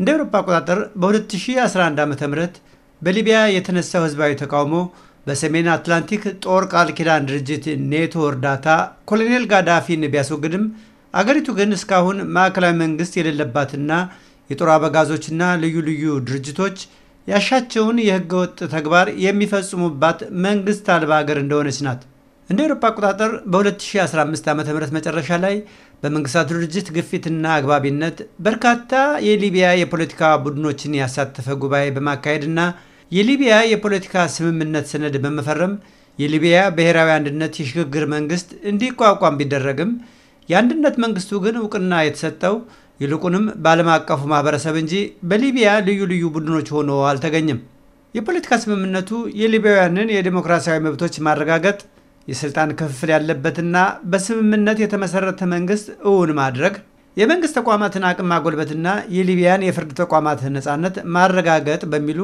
እንደ አውሮፓ አቆጣጠር በ2011 ዓ ም በሊቢያ የተነሳው ህዝባዊ ተቃውሞ በሰሜን አትላንቲክ ጦር ቃል ኪዳን ድርጅት ኔቶ እርዳታ ኮሎኔል ጋዳፊን ቢያስወግድም አገሪቱ ግን እስካሁን ማዕከላዊ መንግስት የሌለባትና የጦር አበጋዞችና ልዩ ልዩ ድርጅቶች ያሻቸውን የህገወጥ ተግባር የሚፈጽሙባት መንግስት አልባ ሀገር እንደሆነች ናት። እንደ ኤሮፓ አቆጣጠር በ2015 ዓ ም መጨረሻ ላይ በመንግስታቱ ድርጅት ግፊትና አግባቢነት በርካታ የሊቢያ የፖለቲካ ቡድኖችን ያሳተፈ ጉባኤ በማካሄድና የሊቢያ የፖለቲካ ስምምነት ሰነድ በመፈረም የሊቢያ ብሔራዊ አንድነት የሽግግር መንግስት እንዲቋቋም ቢደረግም የአንድነት መንግስቱ ግን እውቅና የተሰጠው ይልቁንም በዓለም አቀፉ ማህበረሰብ እንጂ በሊቢያ ልዩ ልዩ ቡድኖች ሆኖ አልተገኘም። የፖለቲካ ስምምነቱ የሊቢያውያንን የዲሞክራሲያዊ መብቶች ማረጋገጥ የስልጣን ክፍፍል ያለበትና በስምምነት የተመሰረተ መንግስት እውን ማድረግ የመንግስት ተቋማትን አቅም ማጎልበትና የሊቢያን የፍርድ ተቋማትን ነፃነት ማረጋገጥ በሚሉ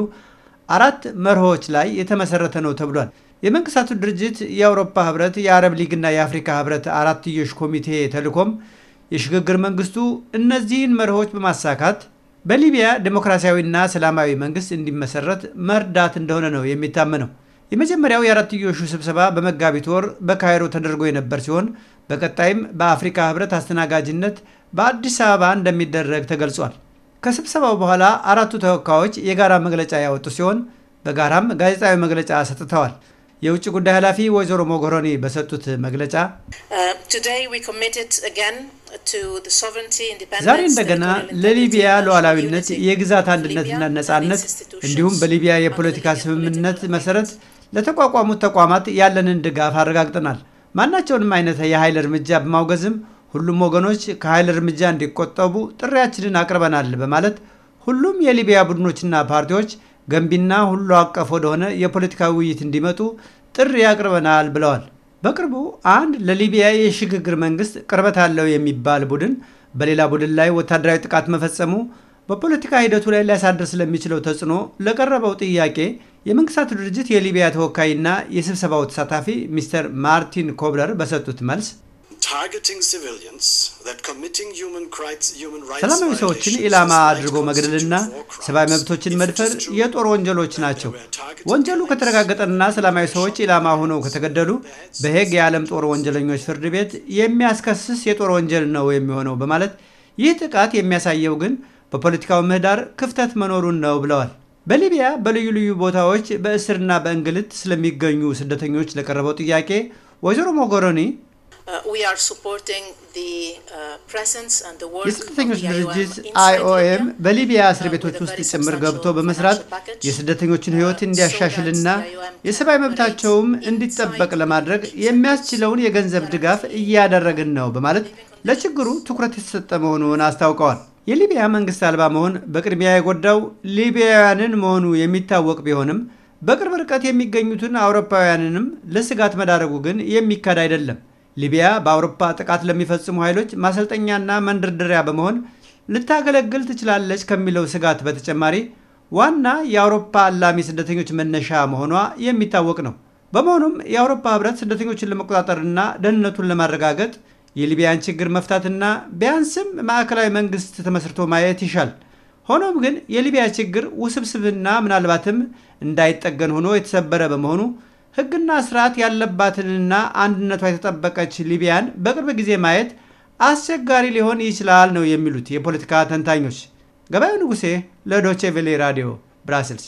አራት መርሆች ላይ የተመሰረተ ነው ተብሏል። የመንግስታቱ ድርጅት፣ የአውሮፓ ህብረት፣ የአረብ ሊግና የአፍሪካ ህብረት አራትዮሽ ኮሚቴ ተልኮም የሽግግር መንግስቱ እነዚህን መርሆች በማሳካት በሊቢያ ዴሞክራሲያዊና ሰላማዊ መንግስት እንዲመሰረት መርዳት እንደሆነ ነው የሚታመነው። የመጀመሪያው የአራትዮሹ ስብሰባ በመጋቢት ወር በካይሮ ተደርጎ የነበር ሲሆን በቀጣይም በአፍሪካ ህብረት አስተናጋጅነት በአዲስ አበባ እንደሚደረግ ተገልጿል። ከስብሰባው በኋላ አራቱ ተወካዮች የጋራ መግለጫ ያወጡ ሲሆን በጋራም ጋዜጣዊ መግለጫ ሰጥተዋል። የውጭ ጉዳይ ኃላፊ ወይዘሮ ሞጎሮኒ በሰጡት መግለጫ ዛሬ እንደገና ለሊቢያ ሉዓላዊነት፣ የግዛት አንድነትና ነጻነት እንዲሁም በሊቢያ የፖለቲካ ስምምነት መሰረት ለተቋቋሙት ተቋማት ያለንን ድጋፍ አረጋግጠናል። ማናቸውንም አይነት የኃይል እርምጃ በማውገዝም ሁሉም ወገኖች ከኃይል እርምጃ እንዲቆጠቡ ጥሪያችንን አቅርበናል በማለት ሁሉም የሊቢያ ቡድኖችና ፓርቲዎች ገንቢና ሁሉ አቀፍ ወደሆነ የፖለቲካ ውይይት እንዲመጡ ጥሪ አቅርበናል ብለዋል። በቅርቡ አንድ ለሊቢያ የሽግግር መንግስት ቅርበት አለው የሚባል ቡድን በሌላ ቡድን ላይ ወታደራዊ ጥቃት መፈጸሙ በፖለቲካ ሂደቱ ላይ ሊያሳድር ስለሚችለው ተጽዕኖ ለቀረበው ጥያቄ የመንግስታቱ ድርጅት የሊቢያ ተወካይና የስብሰባው ተሳታፊ ሚስተር ማርቲን ኮብለር በሰጡት መልስ ሰላማዊ ሰዎችን ኢላማ አድርጎ መግደልና ሰብአዊ መብቶችን መድፈር የጦር ወንጀሎች ናቸው። ወንጀሉ ከተረጋገጠና ሰላማዊ ሰዎች ኢላማ ሆነው ከተገደሉ በሄግ የዓለም ጦር ወንጀለኞች ፍርድ ቤት የሚያስከስስ የጦር ወንጀል ነው የሚሆነው በማለት ይህ ጥቃት የሚያሳየው ግን በፖለቲካው ምህዳር ክፍተት መኖሩን ነው ብለዋል። በሊቢያ በልዩ ልዩ ቦታዎች በእስርና በእንግልት ስለሚገኙ ስደተኞች ለቀረበው ጥያቄ ወይዘሮ ሞጎሮኒ uh, uh, የስደተኞች ድርጅት አይኦኤም በሊቢያ uh, እስር ቤቶች ውስጥ ጭምር ገብቶ በመስራት የስደተኞችን ሕይወት እንዲያሻሽልና የሰብአዊ መብታቸውም እንዲጠበቅ ለማድረግ የሚያስችለውን የገንዘብ ድጋፍ እያደረግን ነው በማለት ለችግሩ ትኩረት የተሰጠ መሆኑን አስታውቀዋል። የሊቢያ መንግስት አልባ መሆን በቅድሚያ የጎዳው ሊቢያውያንን መሆኑ የሚታወቅ ቢሆንም በቅርብ ርቀት የሚገኙትን አውሮፓውያንንም ለስጋት መዳረጉ ግን የሚካድ አይደለም። ሊቢያ በአውሮፓ ጥቃት ለሚፈጽሙ ኃይሎች ማሰልጠኛና መንደርደሪያ በመሆን ልታገለግል ትችላለች ከሚለው ስጋት በተጨማሪ ዋና የአውሮፓ አላሚ ስደተኞች መነሻ መሆኗ የሚታወቅ ነው። በመሆኑም የአውሮፓ ህብረት ስደተኞችን ለመቆጣጠርና ደህንነቱን ለማረጋገጥ የሊቢያን ችግር መፍታትና ቢያንስም ማዕከላዊ መንግስት ተመስርቶ ማየት ይሻል። ሆኖም ግን የሊቢያ ችግር ውስብስብና ምናልባትም እንዳይጠገን ሆኖ የተሰበረ በመሆኑ ሕግና ስርዓት ያለባትንና አንድነቷ የተጠበቀች ሊቢያን በቅርብ ጊዜ ማየት አስቸጋሪ ሊሆን ይችላል ነው የሚሉት የፖለቲካ ተንታኞች። ገበያው ንጉሴ ለዶቼ ቬሌ ራዲዮ ብራስልስ